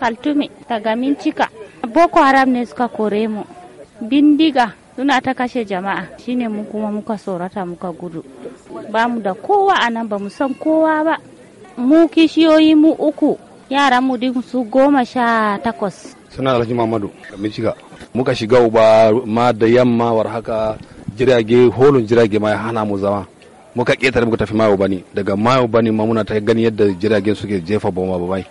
kaltume daga mincika boko haram ne suka kore mu bindiga suna ta kashe jama'a shine mu kuma muka tsorata muka gudu ba mu da kowa a nan ba mu san kowa ba mu kishiyoyi mu uku yaran mu din su goma sha takwas suna alhaji mamadu mincika muka shiga uba ma da yamma war haka jirage holon jirage ma ya hana mu zama muka ketare muka tafi mayo bani daga mayo bani ma muna ta gani yadda jiragen suke jefa bomba babai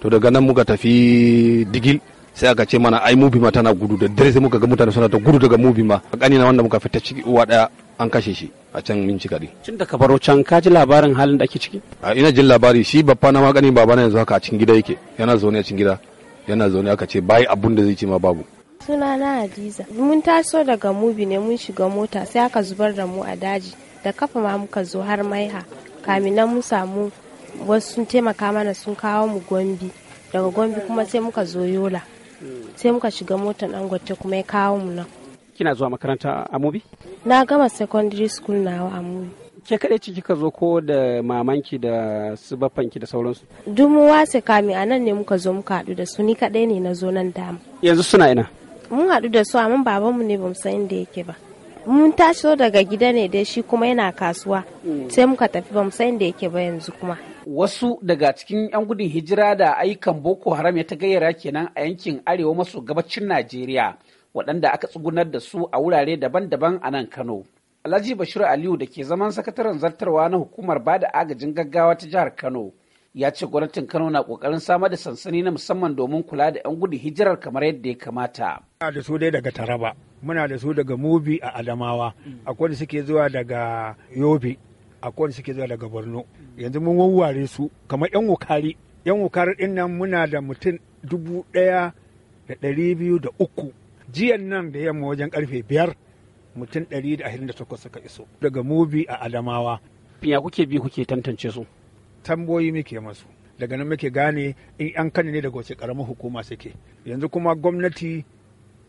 to daga nan muka tafi digil sai aka ce mana ai mubi ma tana gudu da dare sai muka ga mutane suna ta gudu daga mubi ma a kanina wanda muka fita ciki uwa daya an kashe shi a can min ci gari tun da baro can ka ji labarin halin da ake ciki a ina jin labari shi babba na magani baba na yanzu haka a cikin gida yake yana zaune a cikin gida yana zaune aka ce bai abun da zai ce ma babu suna na Hadiza mun taso daga mubi ne mun shiga mota sai aka zubar da mu a daji da kafa ma muka zo har maiha kamin nan mu samu wasu sun taimaka mana sun kawo mu gombi daga gombi kuma sai muka zo yola sai muka shiga motar dangote kuma ya kawo mu nan kina zuwa makaranta a mubi na gama secondary school nawa a mubi ke kada ciki ka zo ko da mamanki da su baffanki da sauransu duk mu wase kami a nan ne muka zo muka haɗu da su ni kaɗai ne na zo nan dama yanzu suna ina mun haɗu da su amma babanmu ne bamu san inda yake ba mun taso daga gida ne dai shi kuma yana kasuwa hmm. sai muka tafi bamu san inda yake ba yanzu kuma Wasu daga cikin 'yan gudun hijira da ayyukan Boko Haram ya ta gayyara kenan a yankin arewa maso gabacin Najeriya waɗanda aka tsugunar da su a wurare daban-daban a nan Kano. Alhaji Bashir Aliyu da ke zaman sakataren zartarwa na hukumar ba da agajin gaggawa ta jihar Kano ya ce gwamnatin Kano na kokarin samar da sansani na musamman domin kula da 'yan gudun hijirar kamar yadda ya kamata. Muna da su dai daga Taraba, muna da su daga Mubi a Adamawa, mm. akwai da suke zuwa daga Yobe, a wanda suke zuwa daga borno yanzu mun wawware su kamar yan wukari yan wukari din nan muna da mutum dubu ɗaya da ɗari biyu da uku jiyan nan da yamma wajen karfe biyar mutum ɗari da ashirin da takwas suka iso daga mubi a adamawa ya kuke bi kuke tantance su tamboyi muke masu daga nan muke gane in an kan ne daga wace karamar hukuma suke yanzu kuma gwamnati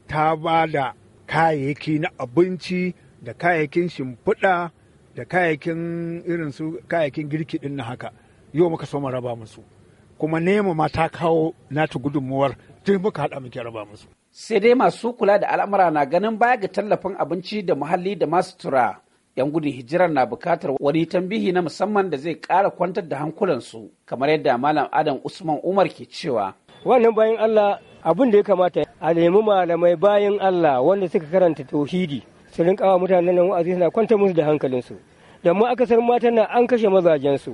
ta ba da kayayyaki na abinci da kayayyakin shimfiɗa da kayayyakin irin su kayayyakin girki din na haka yau muka so mu raba musu kuma nema ma ta kawo nata gudunmuwar tun muka haɗa muke raba musu. sai dai masu kula da al'amura na ganin baya ga tallafin abinci da muhalli da masu tura yan gudun hijirar na bukatar wani tambihi na musamman da zai kara kwantar da hankulansu kamar yadda malam adam usman umar ke cewa wannan bayan allah abin da ya kamata a nemi malamai bayan allah wanda suka karanta tauhidi su rinka wa mutanen nan wa'azi suna kwanta musu da hankalinsu da mu akasar matan nan an kashe mazajensu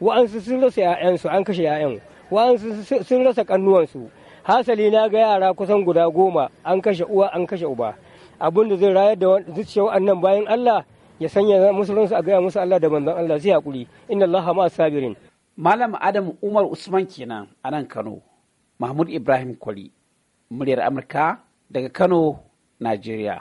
wa'ansu sun rasa 'ya'yansu an kashe 'ya'yan wa'ansu sun rasa kannuwansu hasali na ga yara kusan guda goma an kashe uwa an kashe uba abin da zai rayar da zuciya wa'annan bayan Allah ya sanya musulunsu a gaya musu Allah da manzon Allah zai hakuri inna Allah ma sabirin Malam Adam Umar Usman kenan a nan Kano Mahmud Ibrahim Kwali muryar Amurka daga Kano Najeriya